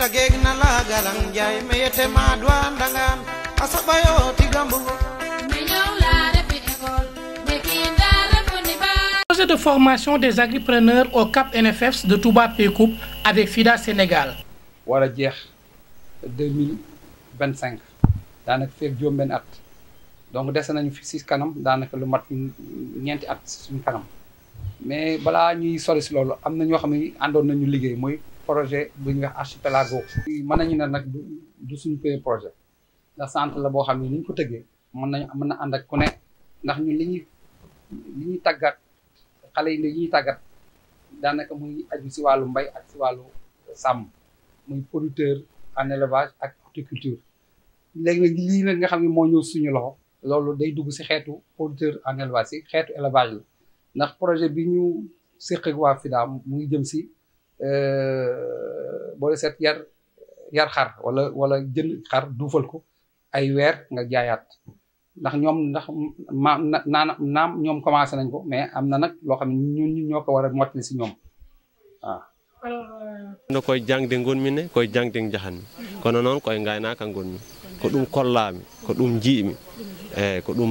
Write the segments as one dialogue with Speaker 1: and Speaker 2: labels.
Speaker 1: tageg na la galang
Speaker 2: de formation des agripreneurs au cap NFFs de Touba Pécoupe avec
Speaker 3: FIDA Sénégal war jeex 2025 daanaka feeg juróom-benn at donc dese nañu fi si kanam daanaka lu mat ñeenti at suñ kanam mais balaa ñuy sori si loolu am na ñoo xam ne àndoon nañu liggéey mooy projet bu ñuy wax archipelago. mën nañu ne nag du du suñu premier projet ndax centre la boo xam ne ni ñu ko tëggee mën nañu mën na ànd ak ku ne ndax ñun li ñuy li tàggat xale yi li ñuy tàggat daanaka muy aju si wàllu mbay ak si wàllu sàmm muy producteur en élevage ak horticulture léegi nag lii nag nga xam ne moo ñëw suñu loxo loolu day dugg si xeetu producteur en élevage si xeetu élevage la ndax projet bi ñu séq ak waa FIDA mu jëm si Euh, boole seet yar yar xar wala wala jënd xar duufal ko ay weer nga jaayaat ndax ñoom ndax ma naa naam ñoom commencé nañ ko mais am na nag loo xam ne ñun ñoo ko war a mottali si ñoom
Speaker 4: waaw no koye jangde gonmi ne koye jangde jahanmi kono noon koye gaynaka mi ko ɗum kollami ko ɗum jiimi eyyi eh, ko ɗum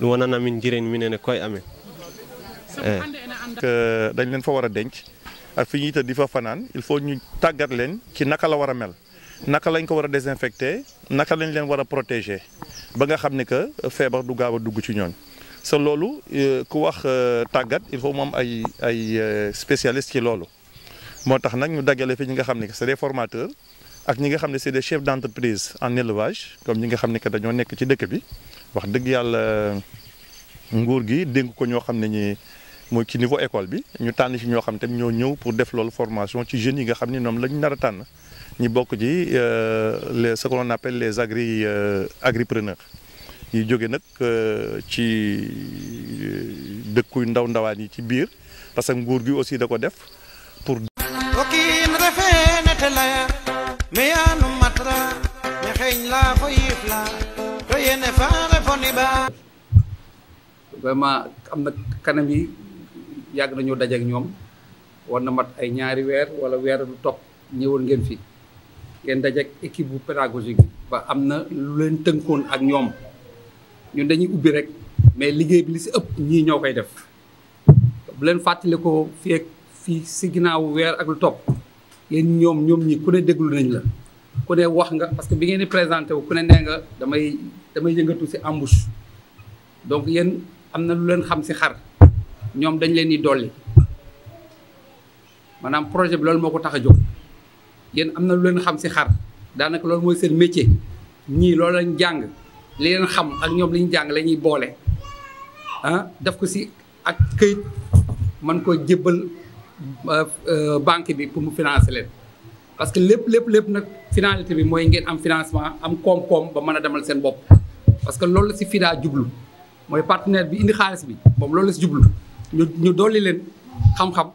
Speaker 4: na wonana min mi minene
Speaker 5: koye koy amee eh. dañ leen fa war a denc ak fi ñuy tëdd di fa fanaan il faut ñu tàggat leen ci naka la war a mel naka lañ ko war a désinfecté naka lañ leen war a protégé ba nga xam ne que feebar du gaaw a dugg ci ñooñ sa loolu euh, ku wax euh, tàggat il faut moom ay ay euh, spécialiste ci loolu moo tax nag ñu dajalee fi ñi nga xam ne que c'est formateur ak ñi nga xam ne c'est des chefs d'entreprise en élevage comme ñi nga xam ne que dañoo nekk ci dëkk bi wax dëgg yàlla nguur gi dénk ko ñoo xam ne ñi mooy ci niveau école bi ñu tànn si ñoo xam tam ñoo ñëw pour def loolu formation ci jeunes yi nga xam ni ñoom la ñu nar a tànn ñu bokk ci euh, les ce qu'on appelle les agri euh, agripreneurs yi jóge nag euh, ci dëkkuy ndaw ndawaan yi ci biir parce que nguur gi aussi da ko def pour
Speaker 1: wakiin refee nete laya miyaanu matra ña laa fo vraiment
Speaker 3: am na kanam yi yàgg nañoo daje ak ñoom war na mat ay ñaari weer wala weer lu topp ñëwoon ngeen fi ngeen daje ak équipe bu pédagogique ba am na lu leen tënkoon ak ñoom ñun dañuy ubbi rek mais liggéey bi li si ëpp ñii ñoo koy def bu leen fàttali ko fii ak fii si ginnaawu weer ak lu topp yéen ñoom ñoom ñi ku ne déglu nañ la ku ne wax nga parce que bi ngeen di présenté wu ku ne nee nga damay damay yëngatu si embouche donc yéen am na lu leen xam si xar ñoom dañ leen di dolli maanaam projet bi loolu moo ko tax a jóg yéen am na lu leen xam si xar daanaka loolu mooy seen métier ñii loolu lañ jàng li leen xam ak ñoom li ñu jàng la ñuy boole ah def ko si ak këyit mën ko jébbal euh, euh, banque bi pour mu financer leen. parce que lépp lépp lépp nag finalité bi mooy ngeen am financement am koom-koom ba mën a demal seen bopp parce que loolu la si FIDA jublu mooy partenaire bi indi xaalis bi moom loolu la si jublu ñu ñu dolli leen xam-xam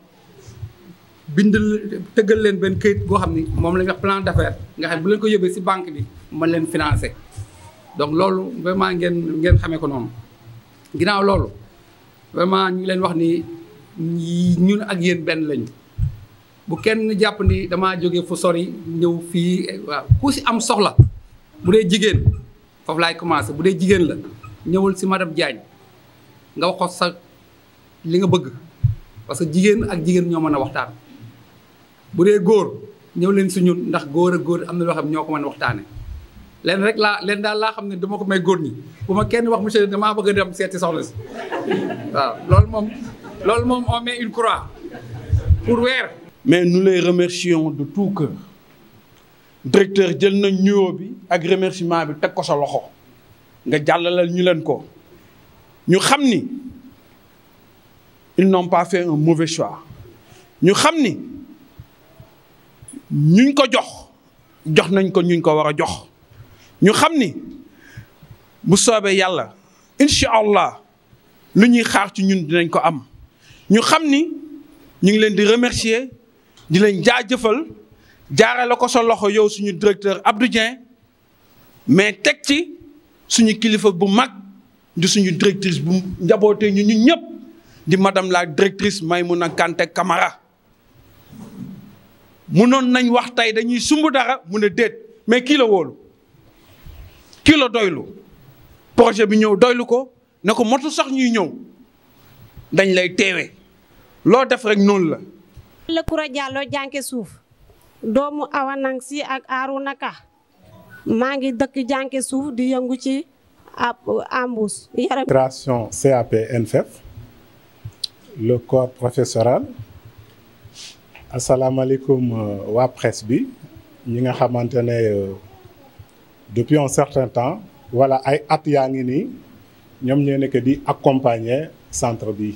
Speaker 3: bind tëggal leen benn këyit boo xam ni moom la ñu wax plan d'affaires nga xam bu leen ko yóbbee si banque bi man leen financer donc loolu vraiment ngeen ngeen xamee ko noonu ginnaaw loolu vraiment ñu leen wax ni ñun ak yéen benn lañu. bu kenn jàpp ni damaa jóge fu sori ñëw fii waaw ku si am soxla bu dee jigéen foofu laay commencé bu dee jigéen la ñëwul si madame Diagne nga wax ko sa li nga bëgg parce que jigéen ak jigéen ñoo mën a waxtaan bu dee góor ñëw leen si ñun ndax góor a góor am na loo xam ñoo ko man a waxtaane leen rek laa leen daal laa xam ne dama ko may góor ñi bu ma kenn wax mu monsieur damaa bëgg a dem seeti soxla si
Speaker 6: waaw
Speaker 3: loolu moom loolu moom on une croix
Speaker 6: pour weer mais nous lay remercions de tout cœur directeur jël nañ nuyoo bi ak remerciement bi teg ko sa loxo nga jàllalal ñu leen ko ñu xam ni ils n'ont pas fait un mauvais choix ñu xam ni ñuñ ko jox jox nañ ko ñuñ ko war a jox ñu xam ni bu soobee yàlla incha allah lu ñuy xaar ci ñun dinañ ko am ñu xam ni ñu ngi leen di remercier di leen jaajëfal jaarale ko sa loxo yow suñu directeur Abdou Dieng mais teg ci suñu kilifa bu mag di suñu directrice bu njabootee ñu ñun ñëpp di madame la directrice Maymouna Kanté mu noon nañ wax tey dañuy sumb dara mu ne déet mais kilo la kilo doylu projet bi ñëw doylu ko ne ko motu sax ñuy ñëw dañ lay teewe loo def rek noonu la
Speaker 7: Alakura Diallo jànke suuf doomu Awa Si ak Aruna Ka maa ngi dëkk jànke suuf di yëngu ci embouche yaram
Speaker 8: création CAP NFEF le corps professoral asalaamaaleykum euh, waa presse bi ñi nga xamante ne euh, depuis un certain temps wala ay at yaa ngi nii ñoom ñoo nekk di accompagner centre bi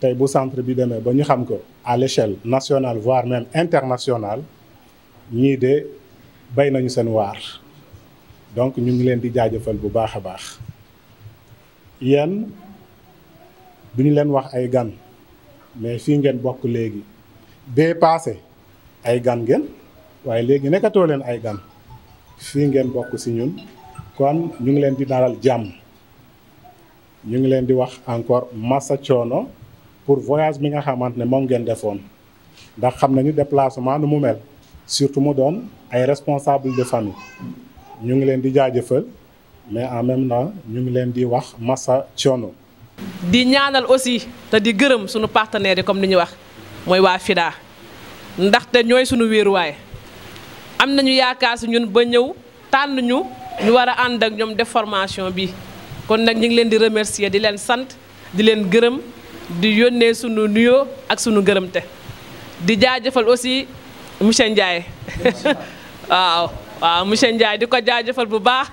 Speaker 8: tey bu centre bi demee ba ñu xam ko à l'échelle nationale voire même internationale ñii de bay nañu seen waar donc ñu ngi leen di jaajëfal bu baax a baax yéen duñu leen wax ay gan mais fii ngeen bokk léegi bee paase ay gan ngeen waaye léegi nekkatoo leen ay gan fii ngeen bokk ci ñun kon ñu ngi leen di dalal jàmm ñu ngi leen di wax encore massa coono pour voyage bi nga xamante ne moom ngeen defoon ndax xam na ñu déplacement nu mu mel surtout mu doon ay responsable de famille ñu ngi leen di jaajëfal mais en même temps ñu ngi leen di wax massa coono.
Speaker 9: di ñaanal aussi te di gërëm suñu partenaires comme ni ñu wax mooy waa FIDA ndaxte ñooy suñu wéeruwaay am nañu yaakaar si ñun ba ñëw tànn ñu ñu war a ànd ak ñoom def bi kon nag ñu ngi leen di remercier di leen sant di leen gërëm. di yónnee sunu nuyoo ak sunu gërëmte di jaajëfal aussi monsieur Ndiaye waaw waaw monsieur Ndiaye di ko jaajëfal bu baax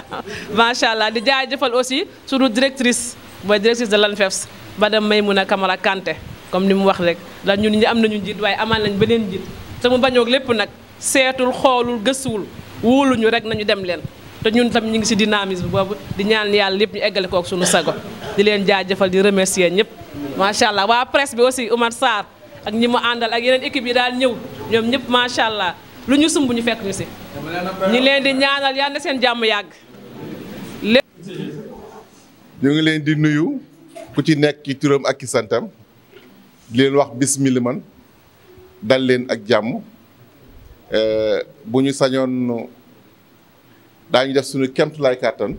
Speaker 9: macha allah di jëfal aussi sunu directrice ba directrice de l'ANFEFS madame Maymouna Camara Kanté comme ni mu wax rek la ñun ñi am ñu njiit waaye amaan nañ beneen njiit te mu lépp nag seetul xoolul gëstuwul wóoluñu rek nañu dem leen te ñun tam ñu ngi si dynamisme boobu di ñaan yàlla yëpp ñu eggale kook suñu sago di leen jaajëfal di remercier ñëpp macha allah waa presse bi aussi Oumar saar ak ñi mu àndal ak yeneen équipe yi daal ñëw ñoom ñëpp macha allah lu ñu sumb ñu fekk ñu si ñu leen di ñaanal yal na seen jàmm yàgg
Speaker 8: ñu ngi leen di nuyu ku ci nekk ci turam ak ci santam di leen wax bismillah man dal leen ak jàmm eh, bu ñu sañoon daañu def suñu kemt lay kàttan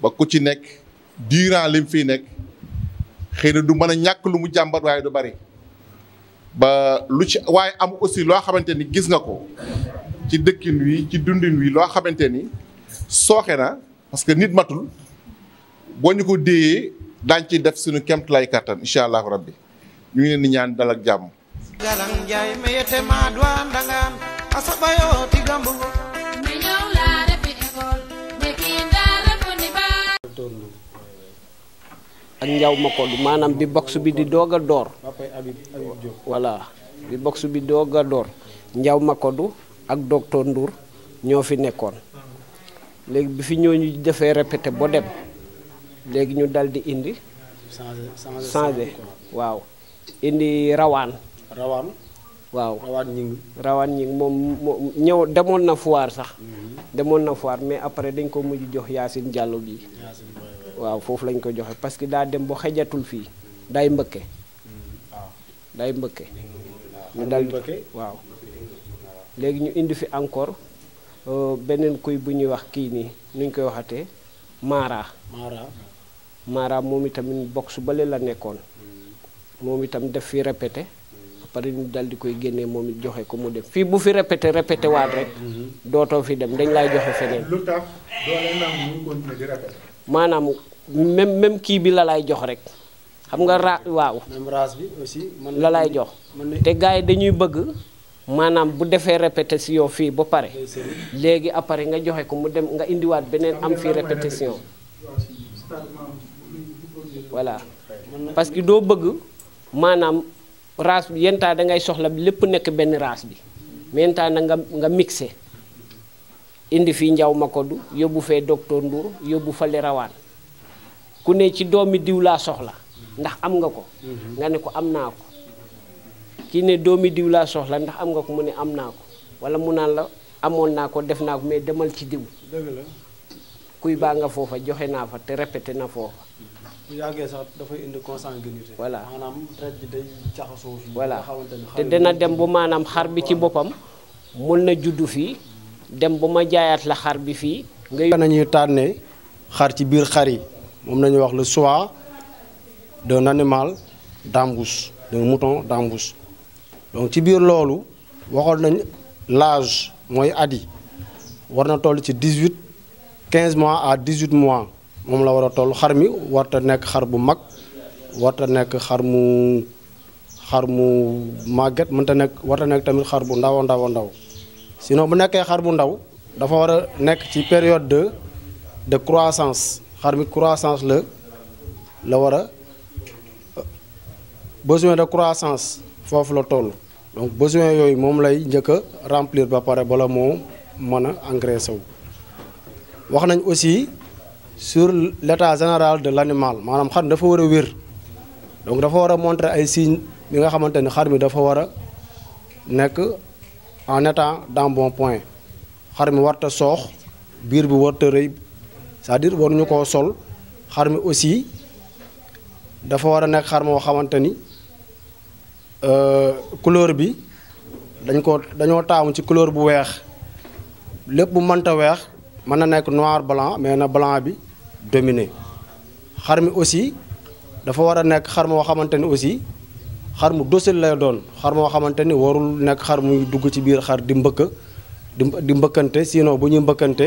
Speaker 8: ba ku ci nekk durant lim fii nekk xëy na du mën a ñàkk lu mu jàmbat waaye du bari ba lu ci waaye am aussi loo xamante ni gis nga ko ci dëkkin wi ci dundin wi loo xamante ni sooxe na parce que nit matul boo ñu ko déyee daañ ci def suñu kemt lay kàttan incha allahu rabbi ñu ngi leen di ñaan dal ak jàmm
Speaker 1: galang jaay meyete ma duwaan dangaan asabayo ti gambugo ak
Speaker 10: njaw ma Makodou maanaam bi box bi di doog a door voilà bi box bi doog a door ma koddu ak docteur Ndour ñoo fi nekkoon léegi bi fi ñu defee répété ba dem léegi ñu dal di indi changé waaw indi rawaan rawaan waaw rawaan ñing rawaan moom ñëw demoon na foire sax mhm. demoon na foire mais après dañ ko mujj jox Yacine Diallo bii waaw foofu lañ ko joxe parce que daa dem ba xajatul fii day mbëkke
Speaker 6: hmm, day mbëkke ñu dal waaw léegi ñu
Speaker 10: indi fi encore euh, beneen kuy bu ñuy wax kii nii nuñ koy waxatee maara maara moom itamit box bale la nekkoon hmm. moom itam def fi répété pare ñu dal di koy génnee moom it joxe ko mu dem fii bu fi répété répété waat rek hmm. dootoo fi dem dañ lay joxe feneen. maanaam même même kii bi la lay jox rek xam nga ra waaw. même race la lay jox te gars yi dañuy bëgg maanaam bu defee répétition fii ba pare léegi après nga joxe ko mu dem nga indiwaat beneen am fii répétition voilà parce que doo bëgg maanaam race bi yentaa da ngay soxla lépp nekk benn race bi mais yentaa na nga nga mixé indi fii njaw ma ko yóbbu fee docteur Ndour yóbbu fa li rawaan ku ne ci doomi diw laa soxla ndax am nga ko mhm. nga ne ko am naa ko kii ne doomi diw laa soxla ndax am nga ko mu ne am naa ko wala mu naan la amoon naa ko def naa ko mais demal ci diw kuy baa nga foofa joxe naa fa te répété na foofa
Speaker 11: bu yàggee sax dafay indi consanguinité voilà maanaam deret ji day jaxasoo fii voilà te dina dem bu
Speaker 10: maanaam xar bi ci boppam mën na juddu fii dem bu ma jaayaat la xar bi fii nga nañuy tànnee xar ci biir xar yi
Speaker 11: moom la ñuy wax le choix d'un animal d'embouche d'un mouton d'embouche donc ci biir loolu waxoon nañ l'âge mooy at war na toll ci dix huit quinze mois à dix huit mois moom la war a toll xar mi warta nekk xar bu mag warta nekk xar mu xar mu màgget mënta nekk warta nekk tamit xar bu ndaw ndaw ndaw sinon bu nekkee xar bu ndaw dafa war a nekk ci période de de croissance xar mi croissance la la war a besoin de croissance foofu la toll donc besoin yooyu moom lay njëkk a remplir ba pare bala moo mën a engraisser wu wax nañ aussi sur l' général de l' animal maanaam xar mi dafa war a wér donc dafa war a montrer ay signes bi nga xamante ni xar mi dafa war a nekk en état dans bon point xar mi warta soox biir bi warta rëy cest à waruñu koo sol xar mi aussi dafa war a nekk xar moo xamante ni euh, couleur bi dañ ko dañoo taamu ci couleur bu weex lépp bu mënta weex mën na nekk noir blanc mais na blanc bi dominé xar mi aussi dafa war a nekk xar moo xamante ni aussi xar mu dosil lay doon xar moo xamante ni warul nekk xar muy dugg ci biir xar di mbëkk di mbëkkante sino bu ñuy mbëkkante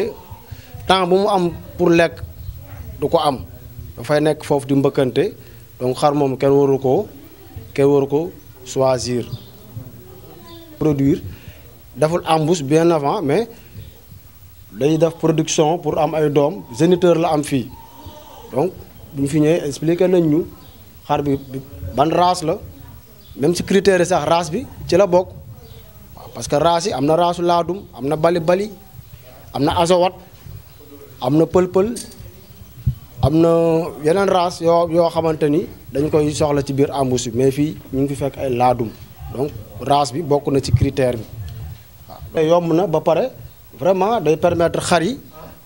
Speaker 11: temps bu mu am pour lekk du ko am dafay nekk foofu di mbëkkante donc xar moom kenn waru ko kenn waru ko choisir produire deful embouche bien avant mais dañuy def production pour am ay doom géniteur la am fii donc bu ñu fi ñëwee expliquer nañ ñu xar bi ban race la même si critères yi sax race bi ci la bokk waaw parce que race yi am na race laadum am na bali bali am na azawat am na pël-pël am na yeneen race yoo yoo xamante ni dañ koy soxla ci biir embouche bi mais fii ñu ngi fi fekk ay laadum donc race bi bokk na ci critère bi waaw. yomb na ba pare vraiment day permettre xar yi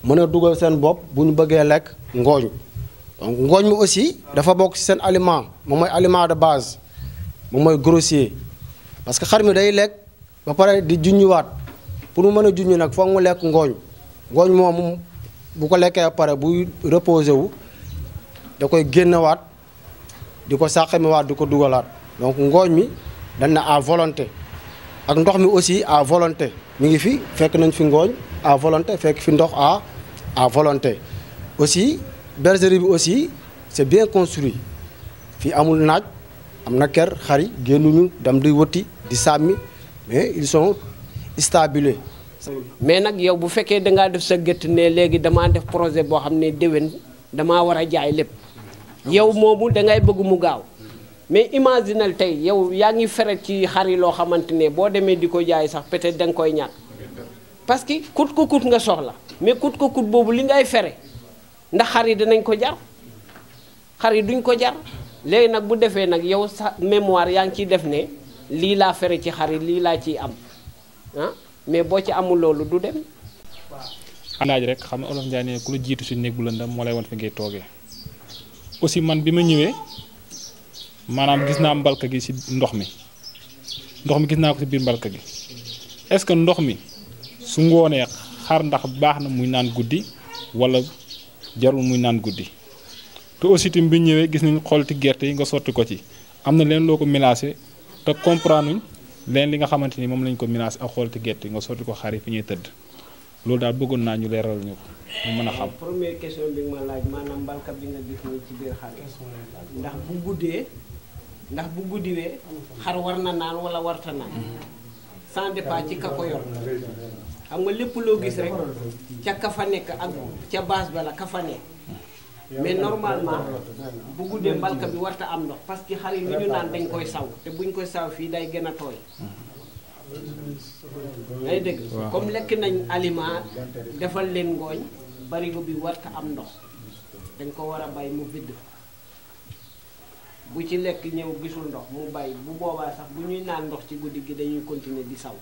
Speaker 11: mën a dugal seen bopp bu ñu bëggee lekk ngooñ donc ngooñ mi aussi dafa bokk seen aliment moom mooy aliment de base moom mooy grossier parce que xar mi day lekk ba pare di junñuwaat pour mu mën a junñu nag foog mu lekk ngooñ ngooñ moom bu ko lekkee ba pare buy reposé wu da koy génnewaat di ko sàqamiwaat di ko dugalaat donc ngooñ mi dañ na à volonté ak ndox mi aussi à volonté mi ngi fi fekk nañ fi ngooñ à volonté fekk fi ndox à à volonté aussi bergerie bi aussi c'est bien construit fii amul naaj am na ker xari génnuñu dem di wëtti di sàmmi mais ils sont stabilisés
Speaker 10: mais nag yow bu fekkee dangaa def sa gétt ne léegi damaa def projet boo xam ne déwén damaa war a jaay lépp yow moomu dangay bëgg mu gaaw mais imaginal tey yow yaa ngi feret ci xar yi loo xamante ne boo demee di ko jaay sax peut-être da nga koy ñàkk parce que kut ko kut nga soxla mais kut ko kut boobu li ngay fere ndax xar yi danañ ko jar xar yi duñ ko jar léegi nag bu defee nag yow sa mémoire yaa ngi ciy def ne lii laa fere ci xar lii laa ciy am ah? mais boo ci amul loolu du dem.
Speaker 4: laaj rek xam na olof Ndiaye ne ku la jiitu si néeg bu lëndam moo lay wan fi ngay toogee aussi man bi ma ñëwee maanaam gis naa mbalka gi si ndox mi ndox mi gis naa ko si biir mbalka gi est-ce que ndox mi su ngoonee xar ndax baax na muy naan guddi walla jarul muy naan guddi te aussi tamit bi ñëwee gis nañ xolti gerte yi nga sotti ko ci am na leen loo ko mélancé te comprendre leen li nga xamante ni moom lañ ko menace ak xool te gerte nga sotti ko xar yi fi ñuy tëdd loolu daal bëggoon naa ñu leeral ñu ko mu mën a xam.
Speaker 10: première question bi nga ma laaj bi nga gis nii ndax bu guddee ndax bu guddiwee xar war na naan walla warta naan sans départ ci ka ko yor xam nga lépp loo gis rek ca ka fa nekk ak ca base ba la ka fa nekk mais normalement bu guddee mbalka bi warta am ndox parce que xale yi lu ñu naan dañ koy saw te buñ koy saw fii day gën a tooy ngay dégg comme lekk nañ aliment defal leen ngooñ barigo bi warta am ndox dañ ko war a bàyyi mu bidd bu ci lekk ñëw gisul ndox mu bàyyi bu boobaa sax bu ñuy naan ndox ci guddi gi dañuy continuer di saw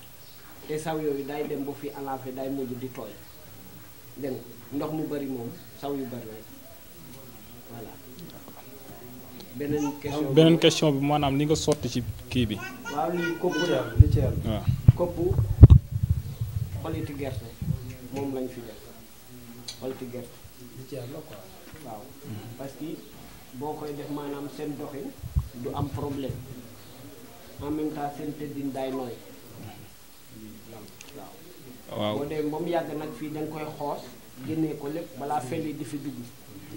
Speaker 10: te saw yooyu day dem ba fi alafe day mujj di tooy dégg ndox mu bari moom saw yu bari beneen question beneen
Speaker 4: question bi maanaam li nga sotti ci kii bi.
Speaker 10: waaw lii kopp la gerte moom lañ fi def xoliti gerte li boo koy def maanaam seen doxin du am problème en même temps seen tëddin daay nooy. waaw boo dee moom yàgg nag fii dañ koy xoos génnee ko lépp balaa feli di fi dugg.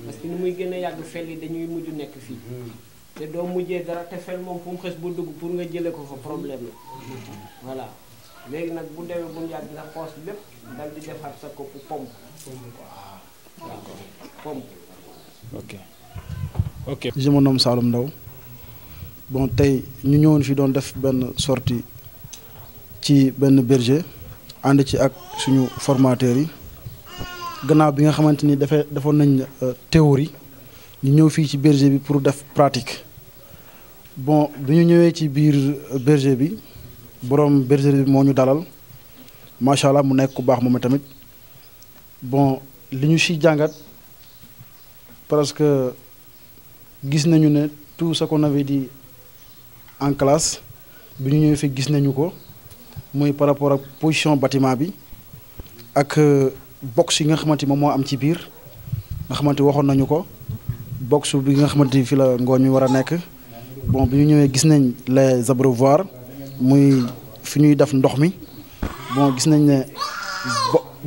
Speaker 10: parce que ni muy gën a yàgg fel yi dañuy mujj nekk fii te doo mujjee dara te fel moom fu mu xes bu dugg pour nga jëlee ko fa problème la voilà léegi nag bu demee bu mu yàgg nga xoos lépp dal di defaat sa kopp pompe waaw pompe ok
Speaker 12: ok je ndaw bon tey ñu ñëwoon fi doon def benn sorti ci benn berger ànd ci ak suñu formateur yi gannaaw bi nga xamante ni dafay defoon nañ euh, théorie ñu ñëw fii ci berger bi pour def pratique bon bi ñu ñëwee ci biir euh, berger bi borom berger bi moo ñu dalal macha allah mu nekk ku baax moom tamit bon li ñu siy jàngat parce que gis nañu ne tout ce qu'on avait dit en classe bi ñu ñëwee fi gis nañu ko muy par rapport ak position bâtiment bi ak euh, box yi nga xamante moom moo am ci biir nga xamante waxoon nañu ko box bi nga xamante fi la ngooñ mi war a nekk bon bi ñu ñëwee gis nañ les abreuvoirs muy fi ñuy def ndox mi bon gis nañ ne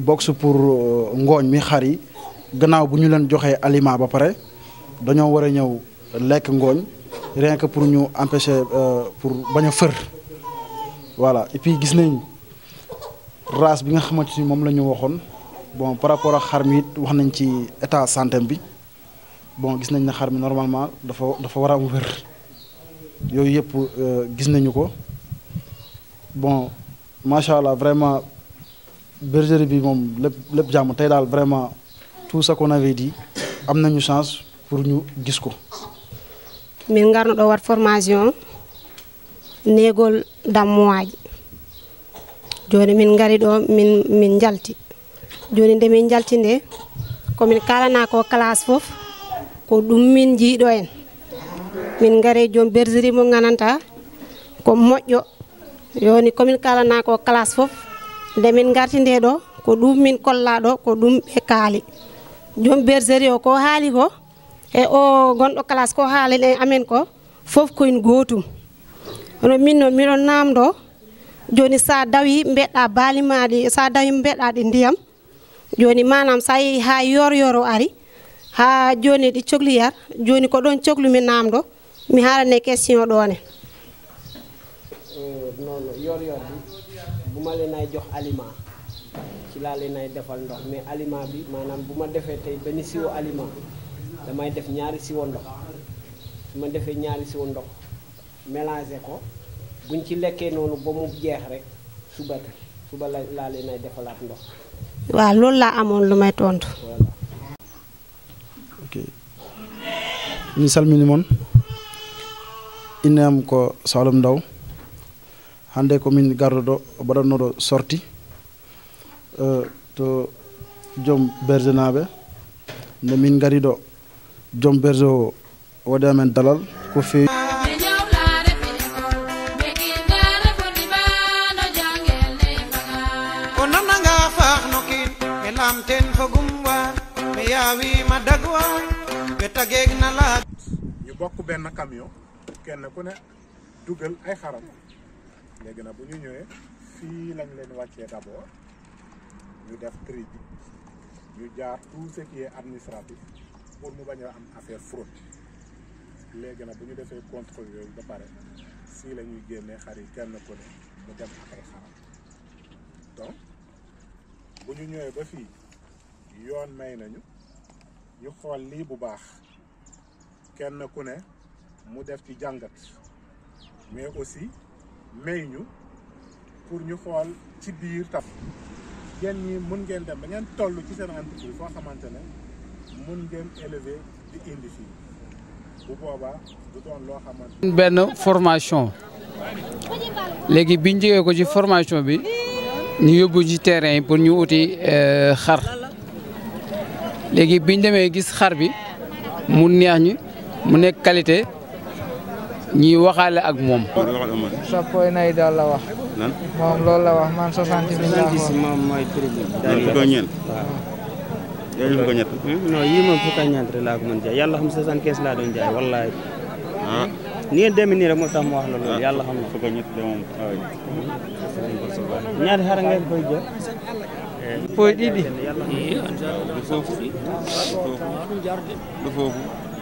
Speaker 12: box pour euh, ngooñ mi xar yi gannaaw bu ñu leen joxee aliment ba pare dañoo war a ñëw lekk ngooñ rien que pour ñu empêcher euh, pour bañ a fër voilà et puis gis nañ race bi nga xamante ni moom la ñu waxoon bon par rapport ak xar mi it wax nañ ci état santé bi bon gis nañ ne xar mi normalement dafa dafa war a am wér yooyu yëpp euh, gis nañu ko bon macha allah vraiment bergerie bi moom lépp lépp jàmm tey daal vraiment tout ce qu'on avait dit am nañu chance pour ñu gis ko
Speaker 7: min garnoɗo wat formation negol dammuwaji joni min gari ɗo min min joni nde min jaltinde komin kalana ko classe fof ko ɗum min jiiɗo en min gaare joni bergerie mo gananta ko moƴƴo yoni komin kalana ko classe fof nde min garti nde ɗo ko ɗum min kolla ɗo ko ɗum ɓe kaali joni bergerie o ko haali ko e o gonɗo classe ko haalen e amen ko fof koyen gootum hono min noon miɗon namdo joni sa dawi mbeɗa baalimaɗi sa dawi mbeɗa ɗi ndiyam joni manam sa yeehi ha yor yoro ari ha joni ɗi cohliyar joni ko ɗon cohlumi namɗo mi haalane question ɗone
Speaker 10: eh, noon yor yor bi bu ma leen ay jox aliment ci laa leen ay defal ndox mais aliment bi maanaam bu ma defee tey benn siwo aliment damay def ñaari siwo ndox ma defee ñaari siwo ndox mélangé ko buñ ci lekkee noonu ba mu jeex rek suba suba la laa leen ay defalaat ndox
Speaker 7: waaw loolu laa amoon lu may tontu. mi salmini moon
Speaker 12: ine ko salum ndaw hannde komin garduɗo mbaɗatnoɗo sorti euh, to joom berge naaɓe nde min ngari ɗo joom berge o waɗi amen dalal
Speaker 1: ko feewi géeg na la ñu bokk
Speaker 8: benn kamion kenn ku ne dugal ay xaram léegi nag bu ñu ñëwee fii lañ leen wàccee d'abord ñu def tri bi ñu jaar tout ce qui administratif pour mu bañ a am affaire fraude léegi nag bu ñu defee contrôle yooyu ba pare si lañuy génnee xar yi kenn ku ne mu dem ak ay xaram donc bu ñu ñëwee ba fii yoon may nañu ñu xool lii bu baax kenn ku ne mu def ci jàngat mais aussi may ñu pour ñu xool ci biir tam yéen ñi mun ngeen dem ba ngeen toll ci seen entreprise foo xamante ne mun ngeen élever di indi fii bu boobaa du doon
Speaker 3: loo xamante benn formation léegi biñ jógee ko ci formation bi ñu yóbbu ci terrain yi pour ñu uti euh, xar léegi biñ demee gis xar bi mu neex ñu mu nekk qualité ñuy waxaale ak moom.
Speaker 13: soppooy nay daal la wax. lan moom loolu la wax man 60 000 moom
Speaker 11: mooy prix bi. daal ko ñett. non yii moom fukk ak ñeent rek laa ko mën jaay yàlla xam 75 laa doon jaay wallaay. ah ni ngeen demee nii rek moo tax mu wax la loolu ah. yàlla xam na. fukk ak ñett de moom ñaari ngeen koy jël. fooy di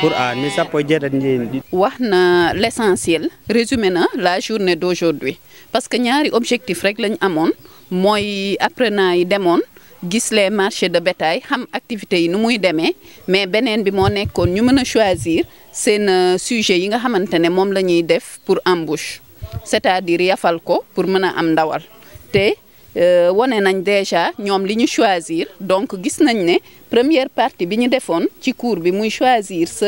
Speaker 11: Alquran mi sappo jeetati njeeni
Speaker 14: wax na l'essentiel résumé na la journée d'aujourd'hui parce que ñaari objectif rek lañu amoon mooy après apprenant yi demoon gis les marchés de bétail xam activités yi nu muy demee mais beneen bi moo nekkoon ñu mën a choisir seen euh, sujet yi nga xamante ne moom la def pour embauche c'est-à-dire yafal ko pour mën a am ndawal te Euh, wane nañ déjà ñoom li ñu choisir donc gis nañ ne première partie bi ñu defoon ci cours bi muy choisir sa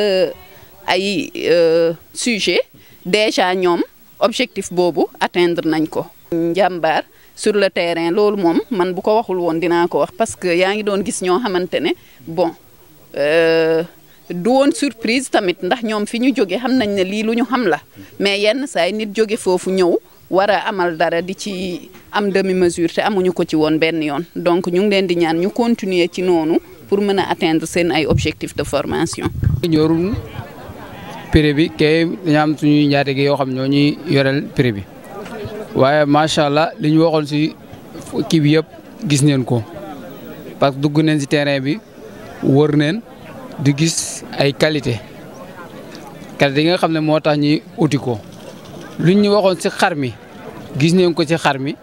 Speaker 14: ay euh, sujet déjà ñoom objectif boobu atteindre nañ ko. njàmbaar sur le terrain loolu moom man bu ko waxul woon dinaa ko wax parce que yaa ngi doon gis ñoo xamante ne bon euh, du woon surprise tamit ndax ñoom fi ñu jóge xam nañ ne lii lu ñu xam la mais yenn saa yi nit jóge foofu ñëw. war a amal dara di ci am demi mesure te amuñu ko ci woon benn yoon donc ñu ngi leen di ñaan ñu continuer ci noonu pour mën a atteindre seen ay objectif de formation.
Speaker 3: ñorul prix bi kay am suñuy njaatige yoo xam ñoo ñuy yoreel prix bi waaye macha allah li ñu waxoon si kii bi yëpp gis neen ko parce que dugg neen si terrain bi wër neen di gis ay qualité qualité yi nga xam ne moo tax ñi uti ko. luñ ñu waxoon ci xar mi gis nañ ko ci xar mi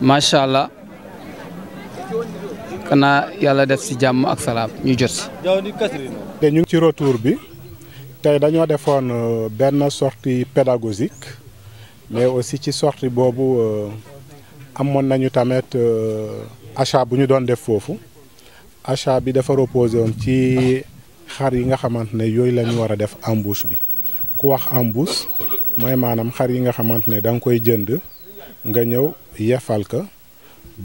Speaker 3: macha allah xanaa yàlla def ci jàmm ak salaam ñu jot ci.
Speaker 8: te ñu ci retour bi tey dañoo defoon euh, benn sortie pédagogique mais aussi ci sortie boobu euh, amoon nañu tamit euh, achat bu ñu doon def foofu achat bi dafa reposé woon ci xar yi nga xamante ne yooyu la ñu war a def embouche bi ku wax embouche. mooy maanaam xar yi nga xamante ne danga koy jënd nga ñëw yefal ko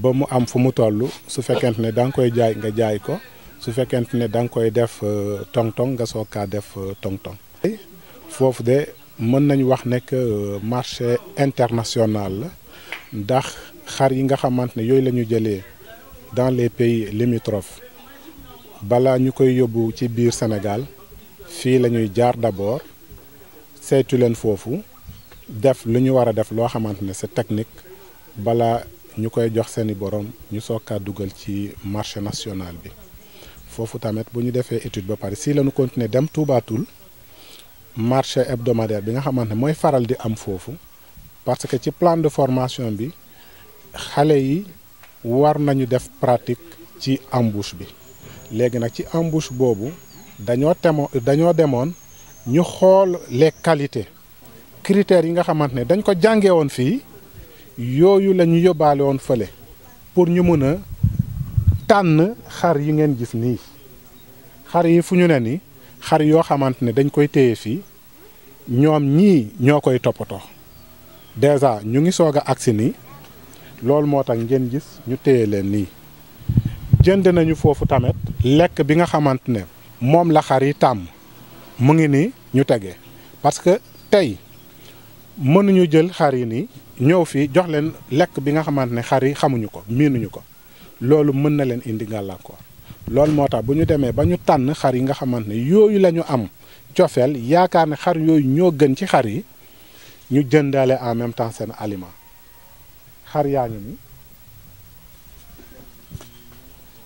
Speaker 8: ba mu am fu mu toll su fekkente ne da nga koy jaay nga jaay ko su fekkente ne da nga koy def euh, tong-tong nga soog kaa def euh, tong-tong foofu de mën nañu wax nekk euh, marché international la ndax xar yi nga xamante ne yooyu lañu ñu jëlee dans les pays limitrophes balaa ñu koy yóbbu ci biir Sénégal fii lañuy ñuy jaar d'abord saytu leen foofu def lu ñu war a def loo xamante ne c'est technique bala ñu koy jox seeni borom ñu soo kaa dugal ci marché national bi foofu tamit bu ñu defee étude ba pare si lañu continuer dem Touba Toul marché hebdomadaire bi nga xamante ne mooy faral di am foofu parce que ci plan de formation bi xale yi war nañu def pratique ci embauche bi léegi nag ci embauche boobu dañoo temoo dañoo demoon ñu xool les qualités critères yi nga xamante ne dañ ko jàngee woon fii yooyu la ñu yóbbaale woon fële pour ñu mën a tànn xar yi ngeen gis nii xar yi fu ñu ne ni xar yoo xamante ne dañ koy téye fii ñoom ñii ñoo koy toppatoo déjà ñu ngi soog a agsi nii loolu moo tax ngeen gis ñu téye leen nii jënd nañu foofu tamit lekk bi nga xamante ne moom la xar yi tàmm mu ngi nii ñu tege parce que tey mënuñu jël xar yi nii ñëw fii jox leen lekk bi nga xamante ne xar yi xamuñu ko miinuñu ko loolu mën na leen indi gàllankoor loolu moo tax bu ñu demee ba ñu tànn xar yi nga xamante ne yooyu lañu ñu am cofeel yaakaar ne xar yooyu ñoo gën ci xar yi ñu jëndaale en même temps seen aliment xar yaa ngi ni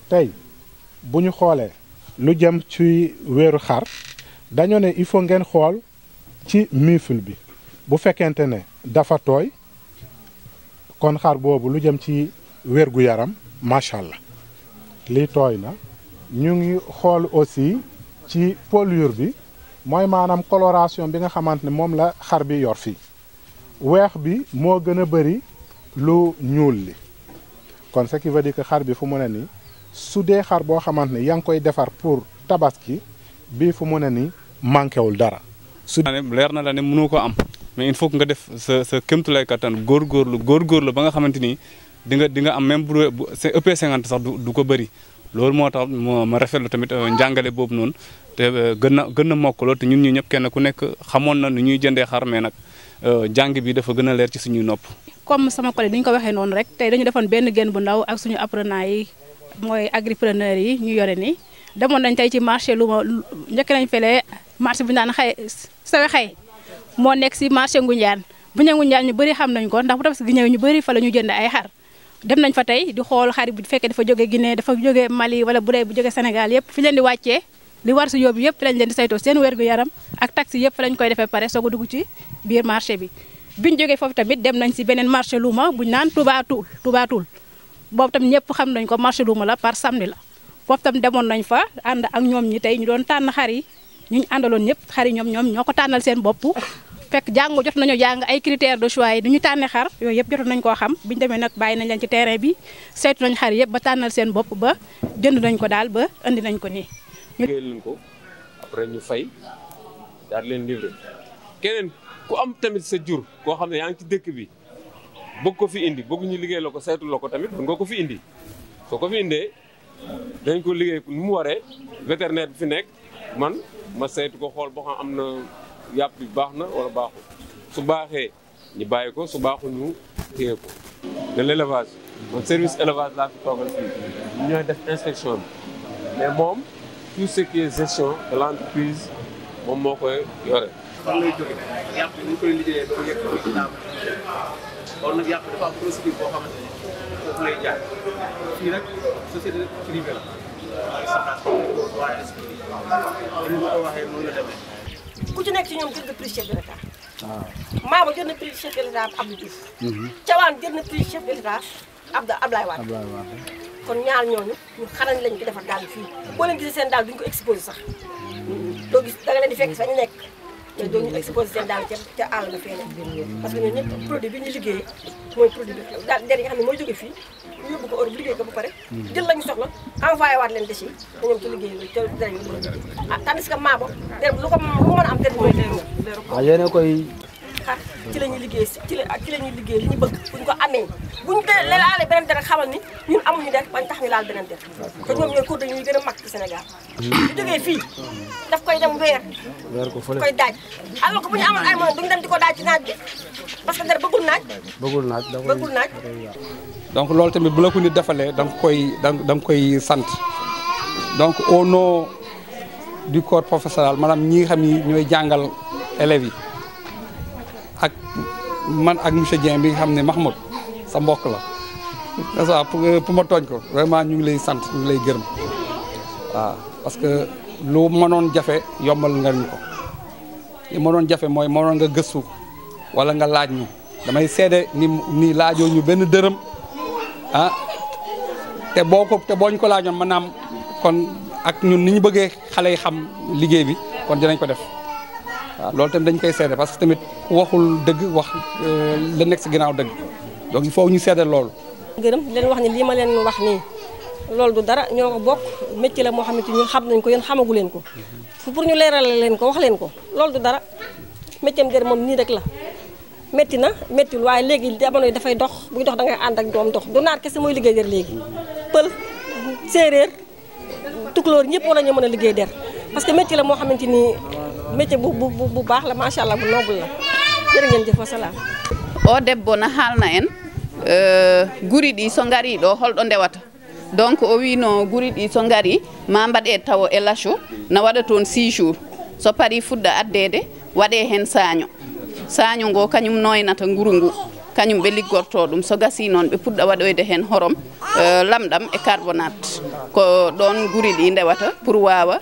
Speaker 8: tey bu ñu xoolee lu jëm ci weeru xar dañoo ne il faut ngeen xool ci mufle bi bu fekkente ne dafa tooy kon xar boobu lu jëm ci wérgu yaram macha allah lii tooy na ñu ngi xool aussi ci pollure bi mooy maanaam coloration bi nga xamante ne moom la xar bi yor fii weex bi moo gën a bëri lu ñuul li kon ce qui que xar bi fu mu ne nii su dee xar boo xamante ne yaa ngi koy defar pour tabaski bii fu mu ne nii manqué wul dara.
Speaker 4: su leer na la ne mënoo ko am mais il faut que nga def sa sa kéemtulaay kattan góorgóorlu góorgóorlu ba nga xamante ni di nga di nga am même bu c'est ëpp 50 sax du ko bëri. loolu moo tax ma rafetlu tamit euh, njàngale boobu noonu te euh, gën a gën a mokk loolu te ñu ñu ñëpp kenn ku nekk xamoon na nu ñuy jëndee xar mee nag euh, jàng bi dafa gën a leer ci suñuy nopp.
Speaker 15: comme sama collègue dañu ko waxee noonu rek tey dañu defoon benn génn bu ndaw ak suñu apprenant yi mooy agripreneur yi ñu yore nii. demoon nañ tey ci marché lu ma njëkk nañ fele marché bu ñu naan xay sawe xay moo nekk si marché Ngoundiane bu ñu Ngoundiane ñu bari xam nañ ko ndax bu tabaski gi ñëwee ñu bëri fa la ñu jënd ay xar dem nañ fa tey di xool xar bu fekkee dafa jóge Guinée dafa jóge Mali wala bu dee bu jóge Sénégal yëpp fi leen di war si yóbbu yëpp fi leen di saytoo seen wérgu yaram ak taxi yëpp fa koy defee pare soog a ci biir marché bi biñ jógee foofu tamit dem nañ si beneen marché luuma buñ naan Touba Toul boobu tamit ñëpp xam nañ ko marché luuma la par samedi la foofu tam demoon nañ fa ànd ak ñoom ñi tey ñu doon tànn xar yi ñu àndaloon ñëpp xar yi ñoom ñoom ñoo ko tànnal seen bopp fekk jàngu jot nañu jàng ay critères de choix yi du ñu tànne xar yooyu yëpp jotoon nañ koo xam bi ñu nag bàyyi nañ leen ci terrain bi saytu nañ xar yëpp ba tànnal seen bopp ba jënd nañ ko daal ba indi nañ ko nii
Speaker 16: leen
Speaker 6: ko après ñu fay daal leen livré keneen ku am tamit sa jur koo xam ne yaa ngi ci dëkk bi bëgg ko fi indi bëgg ñu liggéey la ko saytu la ko tamit nga ko fi ndi soo ko fi indee dañ ko liggéey ko nu mu waree vétérinaire bi fi nekk man ma saytu ko xool boo xam am na yàpp bi baax na wala baaxul su baaxee ñu bàyyi ko su baaxul ñu téye ko. de l' man service élevage laa fi toogal fii ñooy def inspection bi mais moom tout ce gestion de l' entreprise moom moo koy yore. foofu lay jaay fii nag société privée la.
Speaker 16: ku ci nekk ci ñoom jël na prix chef de l'État. waaw ah. Maama jël na prix chef de l'État Abdou Diouf. Thiawane mhm. jël na prix chef de l'État Abdou Abdoulaye Wade. Abdoulaye Wade kon ñaar ñooñu ñu xarañ lañ ko defar daal fii boo leen gisee seen daal duñ ko exposé sax mhm. doo gis danga leen di fekk fa ñu nekk. te doo ñu exposé daal ca ca àll ba feneen. parce que ñun ñëpp produit bi ñu liggéey mooy produit bi der yi ne mooy jóge fii ñu yóbbu ko Europe liggéey ko ba pare. jël lañu soxla envoyé waat leen déchets yi dañoo ci liggéey ca der yi ah tandis que maa bo der lu ko lu mën a am der bi mooy der waaw ah, yéen a koy. xar ci la ñuy liggéey si ci la ñu ko amee buñ de laalee beneen der xamal ni ñun amuñu der bañ tax ñu laal beneen der te ñoom ñooy code ñuy gën a mag ci Sénégal bu jógee fii daf koy dem weer koy que bu ñu amoon ay moom duñu naaj bi der bëggul naaj
Speaker 3: bëggul naaj bëggul naaj donc loolu tamit bu la ko nit defalee da koy da da koy sant donc au nom du corps professoral ñi nga xam ni ñooy jàngal élèves yi ak man ak monsieur Dieng bi nga xam ne Mahmoud sa mbokk la n'est-ce pas pour ma tooñ ko vraiment ñu ngi lay sant ñu ngi lay gërëm waaw parce que lu mënoon jafe yombal nga ñu ko li mënoon jafe mooy mënoon nga gëstu wala nga laaj ñu damay seede ni ni laajoo ñu benn dërëm ah te boo ko te boo ñu ko laajoon maanaam kon ak ñun ni ñu bëggee xale yi xam liggéey bi kon dinañ ko def waaw loolu tamit dañ koy seede parce que tamit waxul dëgg wax euh, la nekk si ginnaaw dëgg donc il ñu seede loolu.
Speaker 16: gërëm leen wax ni lii ma leen wax nii loolu du dara ñoo ko bokk métier la moo xamante ñun xam nañ ko yéen xamagu leen ko fu pour ñu leeral leen ko wax leen ko loolu du dara métier der moom nii rek la. metti na méttiwul waaye léegi jamono yi dafay dox buy dox dangay ànd ak doom dox du naar kese mooy liggéey der léegi pël séeréer tukulóor ñëpp war nañoo mën a liggéey der parce que métier la moo xamante ni métier baax la macha allah bu noobu la jërë ngeen jëf
Speaker 14: o debbo no haalna en euh, guri so ngari ɗo holɗo ndewata donc o wino guri ɗi so ngari ma mbaɗe tawa e lacho na waɗa toon 6 jours so paari fuɗɗa addede waɗe hen saaño saaño ngo kañum noynata nguru kañum ɓe liggorto so gasi noon ɓe puɗɗa waɗoyde heen horom uh, lamɗam e carbonate ko guri ɗi ndewata pour wawa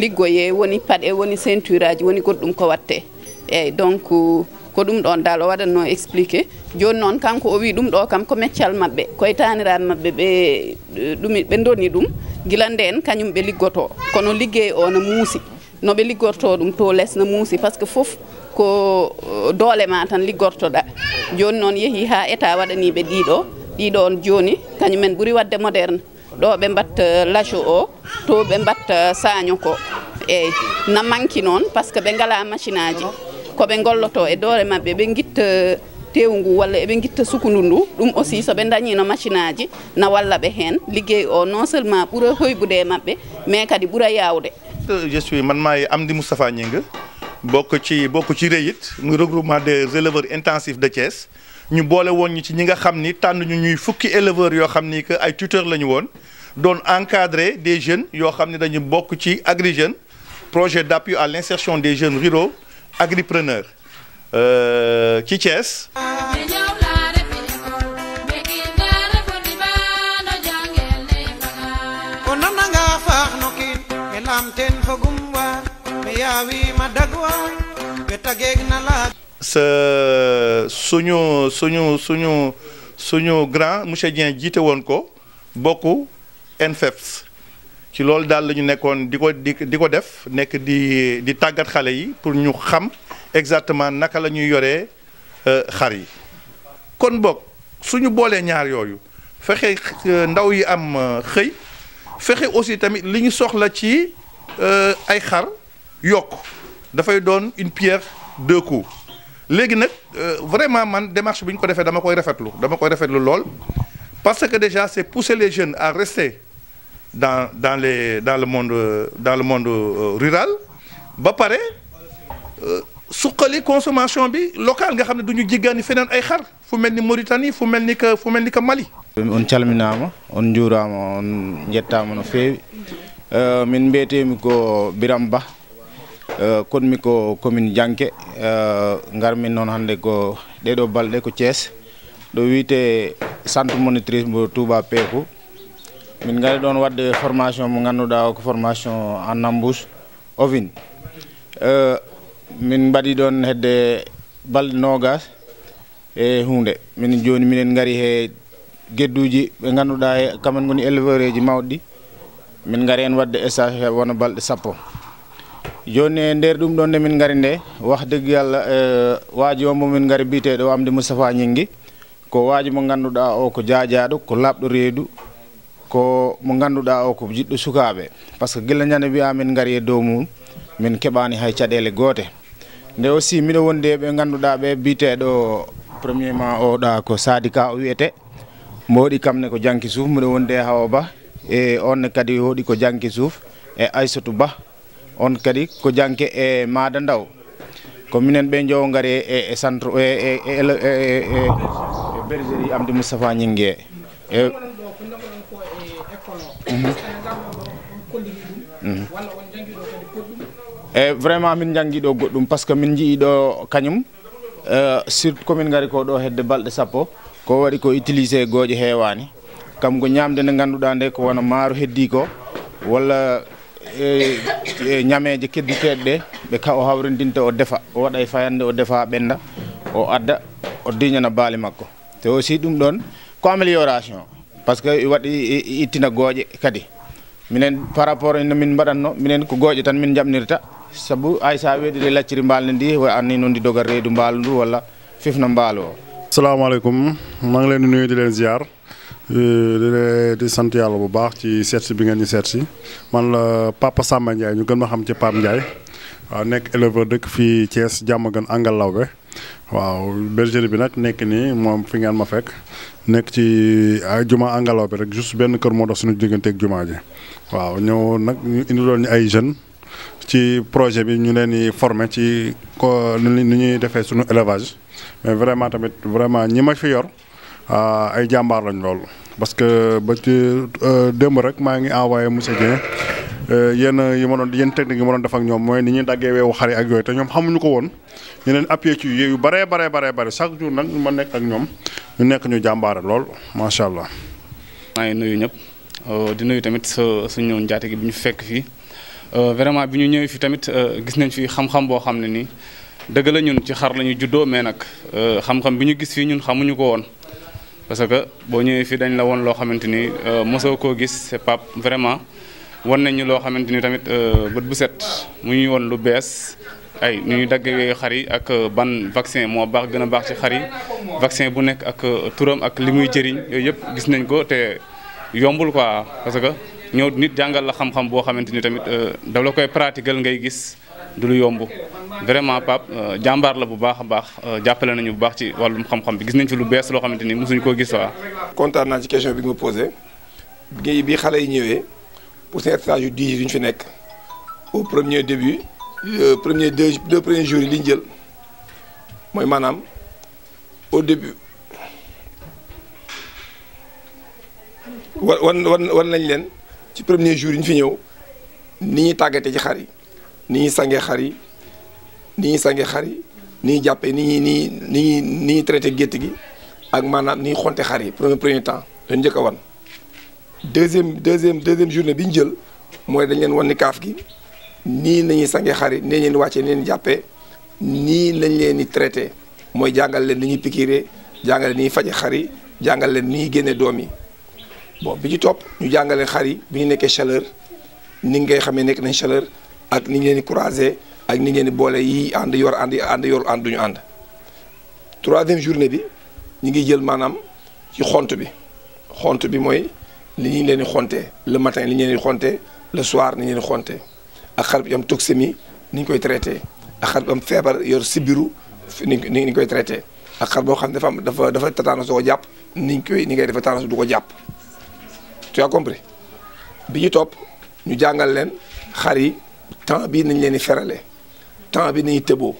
Speaker 14: liggoye woni paɗe woni ceinture woni goɗɗum ko watte eyyi donc ko ɗum ɗon dal o waɗatno expliqué joni noon kanko o ɗum ɗo ko meccal mabɓe koye taniraɓe mabɓe ɓe ɓe doni ɗum guila en kañum ɓe liggoto kono liggey o no muusi noɓe liggorto ɗum to less no muusi par ko eh, doole ma tan liggortoɗa joni noon yeehi ha état waɗaniɓe ɗiɗo ɗiɗon joni kañumen ɓuuri wadde moderne ɗo ɓe mbatta eh, lajo o to ɓe mbatta eh, saño ko eyyi na manki noon que ɓe ngala machine aji koɓe golloto e doole mabɓe ɓe guitta tewu walla eɓe guitta sukundu ndu ɗum aussi so ɓe dañino machine aji na walla ɓe hen ligguey o non seulement ɓuura hoybude e mabɓe kadi ɓuura yawde
Speaker 5: bokk ci bokk ci réyit mu regroupement des éleveurs intensifs de Thiès ñu boole woon ñi ci ñi nga xam ni tànn ñu ñuy fukki éleveurs yoo xam ni que ay tuteurs la ñu woon doon encadrer des jeunes yoo xam ne dañu bokk ci Agri Jeunes projet d'appui à l'insertion des jeunes ruraux agripreneurs euh, ci Thiès. yaa wi sa suñu suñu suñu suñu grand monsieur Dieng jiite woon ko bokk NFEPS ci loolu daal la ñu nekkoon di ko di di ko def nekk di di tàggat xale yi pour ñu xam exactement naka la ñuy yoree euh, xar yi kon bokk suñu boolee ñaar yooyu fexe euh, ndaw yi am euh, xëy fexe aussi tamit li ñu soxla ci ay xar yokk dafay doon une pierre de coups léegi nag euh, vraiment man démarche bi ñu ko defee dama koy rafetlu dama koy rafetlu lool parce que déjà c'est pousser les jeunes à rester dans dans les dans le monde dans le monde euh, rural ba pare euh, suqali consommation bi locale nga xam ne du ñu jiggaani feneen ay xar fu mel ni Mauritanie fu mel ni que fu mel ni que Mali
Speaker 13: on calminaama on njuuraama on njettaama no feewi min mbiyeteemi ko Biram Ba Euh, kon mi ko commune janke euh, garmin noon hannde ko ɗeɗo balɗe ko thiés ɗo wiyete centre monitrice mo touba peeku min ngari ɗon wadde formation mo ngannduɗa ko formation en embouche euh, min mbaɗi ɗon hedde balɗe nogas e hunde min joni minen ngari he gedduji ɓe ngannduɗa kamen goni éleveur mawɗi min ngari hen wadde stage wona balɗe sappo joni e nder ɗum ɗon nde min gari nde wah deg yalla euh, waaji o momin gari biyeteɗo amde ko waaji mo ganduɗa o ko jaajaɗo ko labɗo reedu ko mo ganduɗa o ko jiɗɗo sukaɓe par ce que guila min gari e dow mum min keɓani hay caɗele goote nde aussi miɗo wondi e ɓe ganduɗa ɓe biyeteɗo premièrement oɗa ko sadi o wiyete mo waɗi kam ko janki suuf mbiɗo wondi e hawa ba e onne kadi hoɗi ko janki suuf e ayssatou ba on kadi ko janke e maada ndaw ko minen ɓe jowogari e, e centre e, e, e bergerie amdi moustapha ñingue e mhm. Mhm. e vraiment min jangui ɗo goɗɗum par min jii ɗo kañum surtout komin gari ko ɗo hedde balɗe sappo ko waɗi ko utilisé gooƴe heewani kam ko ñamde nde ganduɗa nde ko wona maaro heddi ko walla Eh, eh, ñameje kedditeɗe ɗe ɓe ka o hawrindinta o defa o waɗa e o defa ɓenda o adda o diñana baali makko te aussi ɗum ɗon ko amélioration par que waɗi ittina gooƴe kadi minen par rapport no min mbaɗatno minen ko gooƴe tan min jaɓnirta sabu hay sa weɗide lacciri mbaalne ndi anni noon ndi doga reedu mbaalu ndu walla fifna mbaalu o
Speaker 8: assalamu aleykum maa ngi leen leen ziar Euh, di sant yàlla bu baax ci seet bi ngeen ni seet si man la Papa Samba Ndiaye ñu gën ma xam ci Pape Ndiaye waaw nekk éleveur dëkk fii Thiès Diamaguène Angal Lawbe waaw bi nag nekk nii moom fi ngeen ma fekk nekk ci ah, juma Angal Lawbe rek juste benn kër moo dox suñu digganteeg jumaa ji waaw ñëw nag ñu indi doon ñu ay jeunes ci projet bi ñu leen di former ci ko ni ñuy defee suñu élevage mais vraiment tamit vraiment ñi ma fi yor. Euh, ay jàmbaar lañ lool parce que ba ci euh, démb rek maa ngi envoyé monsieur Dieng euh, yenn yi ma doon yenn technique yi ma doon def ak ñoom mooy ni ñu daggee weewu xar yi ak yooyu te ñoom xamuñu ko woon ñu leen appuyé yu baree baree baree bare chaque nag ma nekk ak ñoom ñu nekk ñu jàmbaare lool macha allah.
Speaker 4: maa ngi nuyu ñëpp di nuyu tamit sa suñu gi bi ñu fekk fii vraiment bi ñu ñëwee fii tamit gis nañ fi xam-xam boo xam ne nii dëgg la ñun ci xar la ñu juddoo mais nag xam-xam bi ñu gis fii ñun xamuñu ko woon. parce que boo ñëwee fii dañ la woon loo xamante ni euh, mosoo koo gis c'est pap vraiment wan nañ ñu loo xamante ni tamit euh, bët bu set mu ñuy woon lu bees ay nu ñuy daggee xar yi ak euh, ban vaccin moo baax gën a baax ci xar yi vaccin bu nekk ak turam ak li muy jëriñ yooyu yëpp gis nañ ko te yombul quoi parce que ñëw nit jàngal la xam-xam boo xamante ni tamit daf la koy pratiquer ngay gis. du lu yomb vraiment Pape euh, jàmbaar la bu baax a baax euh, jàppale nañu bu baax ci wàllum xam-xam bi gis nañ fi lu bees loo xamante ni mu suñ koo gis waa.
Speaker 17: kontaan naa ci question bi nga posé bi bi xale yi ñëwee pour seen stage yu 10 yi ñu fi nekk au premier début euh, premier deux deux premiers jours jël mooy maanaam au début wan wan wan nañ leen ci premier jour ñu fi ñëw ni ñuy tàggatee ci xar yi. ni ñuy sangee xar yi ni ñuy sange xar yi ni ñuy jàppee ni ñuy ni ñuy ni ñuy traité gétt gi ak maanaam ni ñuy xonte xar yi premier premier temps dañu njëkk a wan. deuxième deuxième deuxième journée bi ñu jël mooy dañ leen wan ni kaaf gi nii nañuy sangee xar yi nii leen wàccee nii leen jàppee nii lañ leen di traité mooy jàngal leen ni ñuy pikiiree jàngale leen ni ñuy faje xar yi jàngal leen ni ñuy génne doom yi bon bi ñu topp ñu jàngalee xar yi bi ñu nekkee chaleur ni ngay xamee nekk nañ chaleur ak ni ngeen di croiser ak ni ngeen di boole yi ànd yor ànd ànd yor ànd duñu ànd troisième journée bi ñu ngi jël maanaam ci xont bi xont bi mooy li ñu leen di xontee le matin li ñu leen di xontee le soir ni ñu leen di xontee ak xar koy traité ak xar bi am feebar yor sibiru ni ni ñu koy traité ak xar boo xam ne dafa am dafa dafa tétanos du ko jàpp ni ñu koy ni ngay dafa tétanos du ko jàpp tu as bi ñu topp ñu jàngal leen xar yi temps bii nañ leen di ferale temps bi nañu tëboo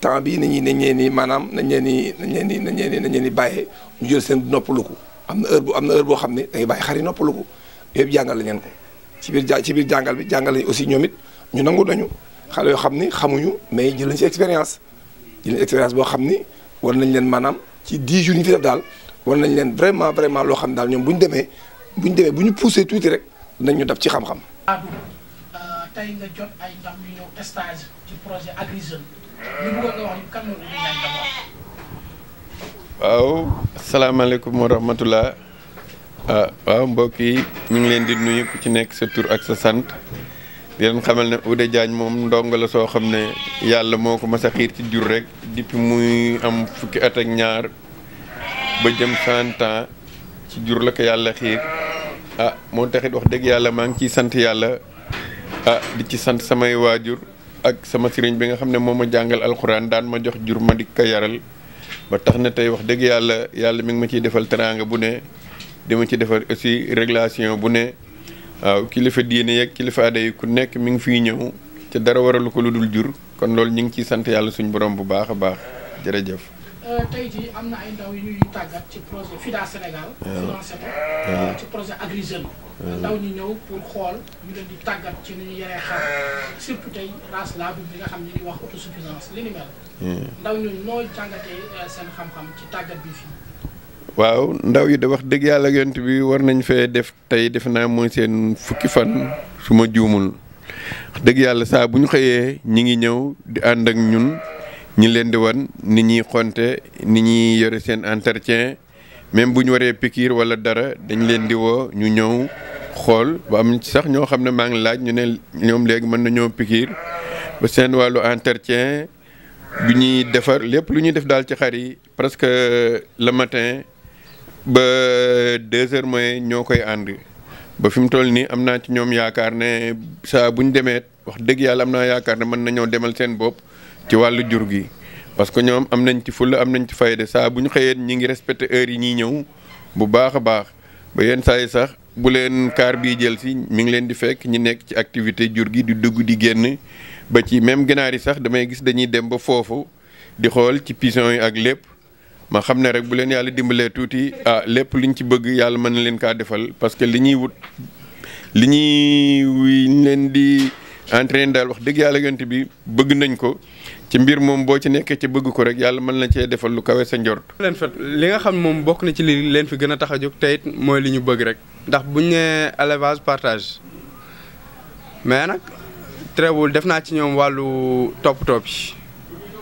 Speaker 17: temps bii nañu nañ leen di maanaam nañ leen di nañ leen di nañ leen di nañ leen di bàyyee ñu jël seen noppaluku am na heure am na heure boo xam ne day bàyyi xar yi noppaluku yëpp jàngal lañ leen ko ci biir ci biir jàngal bi jàngal lañ aussi ñoom ñu nangu nañu xale yoo xam ni xamuñu mais jël nañ si expérience jël nañ expérience boo xam ni war nañ leen maanaam ci 10 jours yi ñu daal war nañ leen vraiment vraiment loo xam ne daal ñoom bu demee bu ñu demee bu ñu poussé tuuti rek nañ ñu ci xam
Speaker 2: tey nga jot ay ndam yu
Speaker 18: waaw asalaamaaleykum wa ah, yi ñu ngi leen di nuyu ku ci nekk sa tur ak sa sant di leen xamal ne Oudé moom ndongo la soo xam ne yàlla moo ko mas a xiir ci jur rek depuis muy am fukki at ñaar ba jëm cent ci jur la ko yàlla xiir ah moo taxit wax dëgg yàlla maa ngi ciy sant yàlla ah di ci sant samay waajur ak sama sëriñ bi nga xam ne moo ma jàngal alxuraan daan ma jox jur ma di ko yaral ba tax na tey wax dëgg yàlla yàlla mi ngi ma ciy defal teraanga bu ne di ma ci defal aussi réglation bu ne waaw kilifa diine yeeg kilifa yi ku nekk mi ngi fiy ñëw te dara waralu ko lu dul jur kon loolu ñu ngi ciy sant yàlla suñu borom bu baax a baax jërëjëf.
Speaker 2: Euh, tey jii am na ay ndaw yu ñuy tàggat ci projet FIDA Sénégal. financé ah. ko ah. ci projet Agri ah. ndaw ñi ñëw pour xool ñu leen di tàggat ci ni ñu yoree xam xam ci tàggat bi fii.
Speaker 18: waaw ndaw yi da wax dëgg yàlla yonent bi war nañ fee def tey def naa mooy seen fukki fan suma ma juumul dëgg yàlla saa bu ñu xëyee ñi ngi ñëw di ànd ak ñun. ñi leen di wan nit ñuy xonte ni ñuy yore seen entretien même bu ñu waree pikiir wala dara dañ leen di woo ñu ñëw xool ba am sax ñoo xam ne maa ngi laaj ñu ne ñoom léegi mën na ñëw pikiir ba seen wàllu entretien bu ñuy defar lépp lu ñuy def daal ci xar yi presque euh, le matin ba deux heures mooy ñoo koy ànd ba fi mu toll nii am naa ci ñoom yaakaar ne saa bu ñu demee wax dëgg yàlla am naa yaakaar ne mën na ñoo demal seen bopp ci wàllu jur gi parce que ñoom am nañ ci fulla am nañ ci fayda saa bu ñu xëyee ñu ngi respecté heure yi ñuy ñëw bu baax a baax ba yenn saa yi sax bu leen kaar bii jël si mi ngi leen di fekk ñi nekk ci activité jur gi di dugg di génn ba ci même ginaar yi sax damay gis dañuy dem ba foofu di xool ci pigeon yi ak lépp ma xam ne rek bu leen yàlla dimbalee tuuti ah lépp ñu ci bëgg yàlla mën na leen kaa defal parce que li ñuy wut li ñuy leen di entraîner daal wax dëgg yàlla yonte bi bëgg nañ ko ci mbir moom boo ci nekkee ci bëgg ko rek yàlla mën na cee defal lu kawe sa njort.
Speaker 19: leen fa li nga xam moom bokk na ci li leen fi gën a tax a jóg te mooy li ñu bëgg rek ndax buñ nee élevage partage mais nag teewul def naa ci ñoom wàllu toppatoo bi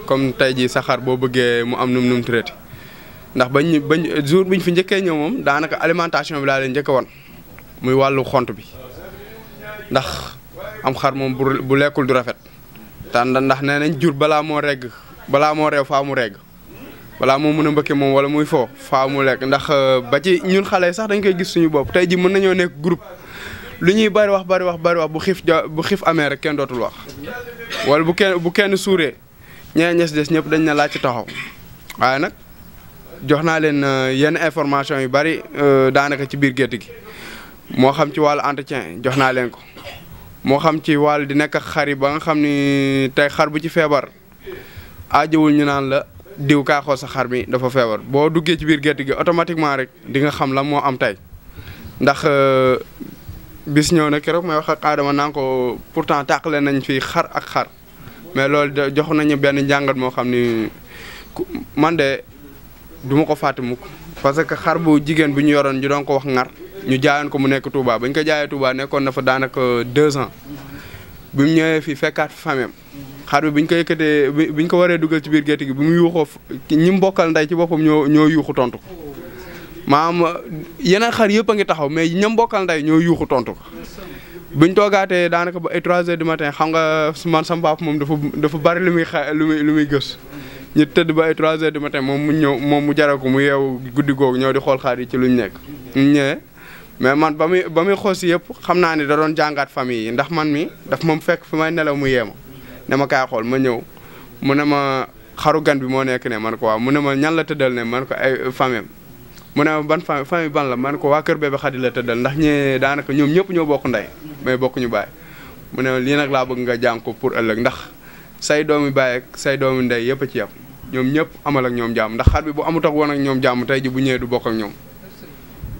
Speaker 19: comme tey jii saxaar boo bëggee mu am num num traité ndax bañ bañ jour biñ fi njëkkee ñëw moom daanaka alimentation bi laa leen njëkk woon muy wàllu xont bi ndax am xar moom bu lekkul du rafet. tànn ndax nee nañ jur balaa moo regg balaa moo reew faa mu regg balaa moo mën a mbëkke moom wala muy foo faa mu lekk ndax euh, ba ci ñun xale sax dañ koy gis suñu bopp tey ji mën nañoo nekk groupe lu ñuy bari wax bari wax bari bu xiif bu xiif amee rek kenn dootul wax wala bu kenn bu kenn suuree ñeneen ñes des ñëpp dañ na laaj ci taxaw waaye nag jox naa leen euh, yenn information yi bari euh, daanaka ci biir gétt gi moo xam ci wàllu entretien jox naa leen ko moo xam ci wàll di nekk xar yi ba nga xam ni tey xar bu ci feebar aajowul ñu naan la diw kaaxoo sa xar mi dafa feebar boo duggee ci biir gerte gi automatiquement rek di nga xam la moo am tey ndax euh, bis ñëw na keroog mooy wax ak Adama naa ko pourtant tàqale nañ fi xar ak xar mais loolu de jox nañu benn jàngat moo xam ni man de du ma ko fàtte mukk parce que xar bu jigéen bu ñu yoroon ñu doon ko wax ngar ñu jaayoon ko mu nekk Touba ba ñu ko jaayee Touba nekkoon na fa daanaka deux ans bi mu ñëwee fii fekkaat famem xar bi bi ñu ko yëkkatee bi ñu ko waree dugal ci biir gétt gi bi mu yuuxoo ñi mu bokkal ndey ci boppam ñoo ñoo yuuxu tontu ko maanaam yeneen xar yëpp a ngi taxaw mais ñam bokkal ndey ñoo tontu ko buñ toogaatee daanaka ba ay trois heures matin xam nga man sama moom dafa dafa bari lu muy lu muy lu muy gës ñu tëdd ba ay trois heures du matin moom mu ñëw moom mu jaral ko mu yeewu guddi googu ñëw di xool xaar yi ci lu nekk ñu ñëwee mais man ba muy ba muy xoos yëpp xam naa ne da doon jàngaat famille yi ndax man mi daf moom fekk fi may nelaw mu yéema ne ma kaay xool ma ñëw mu ne ma xaru gan bi moo nekk ne man ko waaw mu ne ma ñan la tëddal ne man ko ay famille mu ne ma ban famille famille ban la man ko waa kër bébé Khady la tëddal ndax ñee daanaka ñoom ñëpp ñëw bokk ndey mais bokkuñu baay mu ne lii nag laa bëgg nga jàng ko pour ëllëg ndax say doomi baay ak say doomi ndey yëpp ci yam ñoom ñëpp amal ak ñoom jàmm ndax xar bi bu amut ak woon ak ñoom jàmm tey ji bu ñëwee du bokk ak ñoom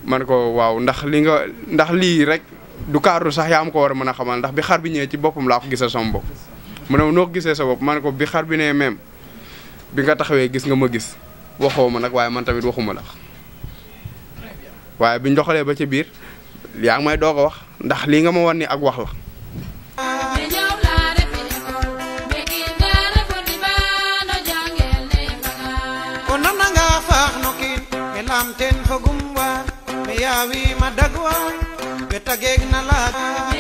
Speaker 19: ma ne ko waaw ndax li nga ndax lii rek du cadre sax yaa am ko war a mën a xamal ndax bi xar bi ñëwee ci boppam laa ko gisee sama bopp mu ne noo gisee sa bopp ma ko bi xar bi ne même bi nga taxawee gis nga ma gis waxoo ma nag waaye man tamit waxuma la waaye biñ doxalee ba ci biir yaa ngi may doog a wax ndax lii nga ma wan ni ak wax la
Speaker 1: yaa wi
Speaker 20: ma dagwa we tageeg na laa